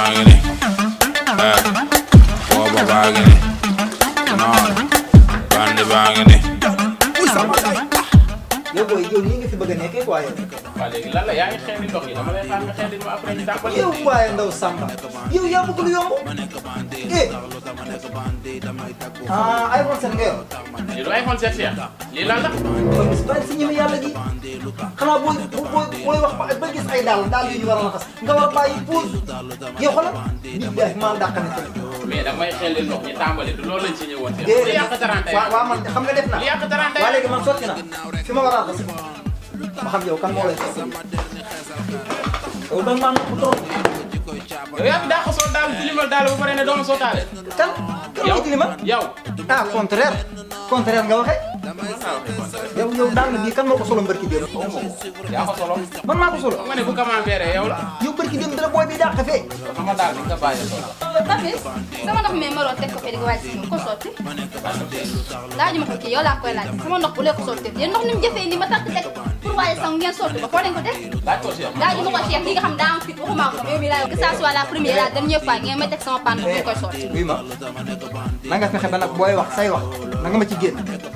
bagini eh boba bagini non bandi ah iphone ay daal daal yu ñu war a raxas nga war bàyyi pause yow xoolal nit day maa dàqane tey. mais damay xelli ndox ñu tàmbali du loolu lañ ci ñëwoon. déedéet waaw waaw man xam nga def naa waaw léegi man sotti na fi ma war a raxas ma xam yow kan moo lay sotti yow da nga maa nopp trop. yow yaa fi daa ko soog daal tilimal daal ba pare ne doo ma sootaale. kan yow yow. ah contraire contraire nga waxee. yow yow dàll bi kan moo ko solo mbërki dem. ya ko solo. man maa solo. ma ne bu commentaire yow la. yow mbërki dem dara booy bi dàq fee. nga solo. sama ndox mi maroon teg ko fee di ko wàcc ko ma ko koy laaj sama ndox bu lee ko sotti yéen ya, ndox ni mu ni ma tàkk teg pour waaye sang ngeen sotti ko foo ko def. laaj ko Cheikh laaj ma ko Cheikh li nga xam daa am waxuma ko yow mi laa que ça soit la première la ngeen ma sama pan bu koy oui ma nga ba wax say wax nga ma ci génn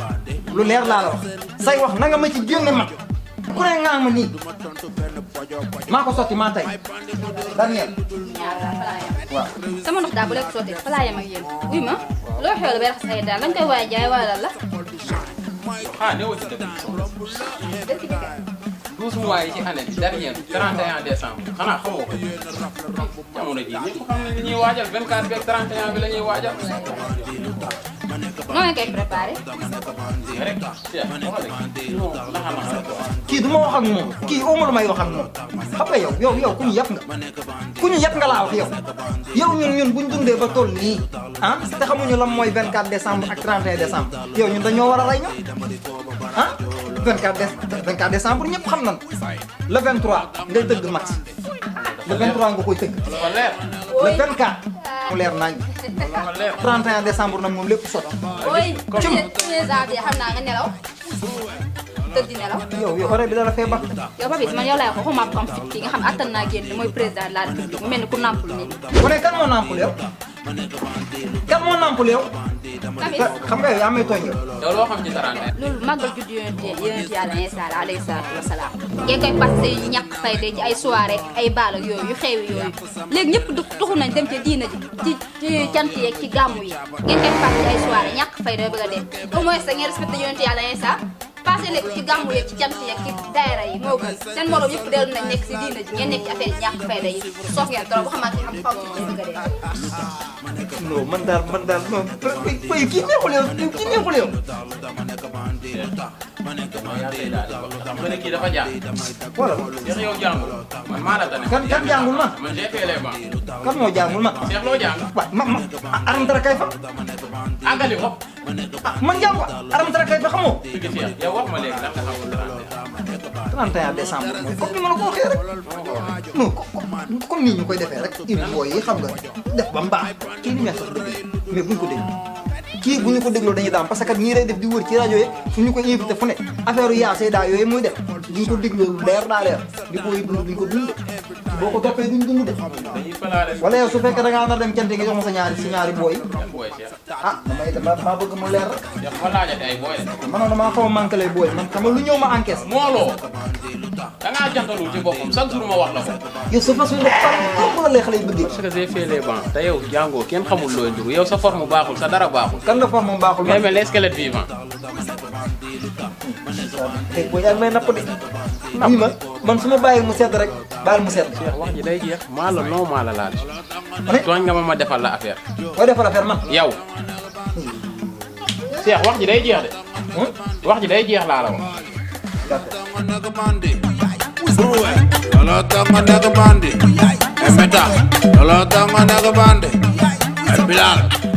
lu leer la wax say wax nga ma ci génne ma ku ne nga ma ni mako soti ma tay Daniel sama nok da bu lek soti fa laa yem ak yéen uy ma lo xew la bay raxas lañ koy waaye jay wala la ha ne wo ci douze mois yi ci année bi dernier 31 décembre xanaa xamoo ko jamono ji ñëpp xam nañ li ñuy waajal 24 beeg 31 bi la ñuy kii du ma wax ak moom kii amul may wax ak moom xam nga yow yow yow ku ñu yàpp nga ku ñu yàpp nga laa wax yow yow ñun ñun buñ dundee ah te xamuñu lan mooy 24 décembre ak 31 décembre yow ñun dañoo war a rey ñoom ah 24 24 décembre ñëpp xam nan le 23 ngay tëgg match le 23 nga koy tëgg le 24 mu leer nañ 31 décembre nag moom a sotti. a xam naa nga nelaw. tëdd nelaw. yow yow horaire bi dara fee ba. yow Papis man yow lay wax waxuma ko am fit ki nga xam attan naa génn mooy président de la république mu mel ni ku nàmpul nii. bu dee kan moo yow. kan moo nàmpul yow. xam nga yaa may tooñ nga. loolu loo a ci saraan loolu màggal judd yonente yonente yàlla Isaa la alayhi salaatu wa salaam. ngeen koy passé ñàkk fay de ay soirée ay baal yooyu yu xewi yooyu léegi ñëpp du tuxu nañ dem ca diina ji ci ci cant yeeg ci gàmmu yi ngeen koy passé ay soirée ñàkk fay de bëgg a dee au moins da ngeen respecté yàlla Isaa passé leen ci gàmmu yeeg ci cant yeeg ci daayira yi moo gën seen morom yëpp dellu nañ nekk si diina ji ngeen nekk ci affaire yi ñàkk fayda yi soog ngeen trop xamante xam faw ci bëgg a dee non man daal man daal non fay kii neexul yow kii neexul yow ma ne kii dafa jàng wala Cheikh yow jàngul man maa la tane kan kan jàngul ma man j'ai fait les bancs kan moo jàngul ma Cheikh loo jàng waaw ma ma aram dara kay fa àggali ko man yow ko aramtara kay ba xamoo. yow wax ma léegi lan nga xamul 31 décembre moom ko waxee rek non comme nii ñu koy defee rek indi booy yi xam nga def ba mbaax kii li sax dëgg mais buñ ko déglu kii bu ko dégloo dañuy daam parce que def di wër ci rajo yi ñu ko invité fu ne affaire yu yaasee daa muy def. duñ ko dégloo leer naa leer di ko yëngu duñ ko dund boo ko toppee duñ dund de. wala yow su fekkee da ngaa a dem cant nga sa ñaari sa ñaari booy. ah damay damaa maa bëgg mu leer rek. ma ne damaa xaw a manqué booy man xam nga lu ñëw ma encaisse. mooloo da ngaa jantalul ma wax la ko. yow sa façon de parler la lay xale yi bëggee. parce que j'ai fait les bancs te yow jàngoo kenn xamul looy dugg yow sa forme baaxul sa dara baaxul. kan la forme baaxul man mais mais les squelettes vivants tey boo yaag may napp de nii ma man su ma bàyyi mu sedd rek baal mu sedd Cheikh wax ji day jeex maa la non maa la laal tooñ nga ma ma defal la affaire boo defal affaire man yow Cheikh wax ji day jeex de wax ji day jeex la wax bandi e meta looloo tax bandi bilal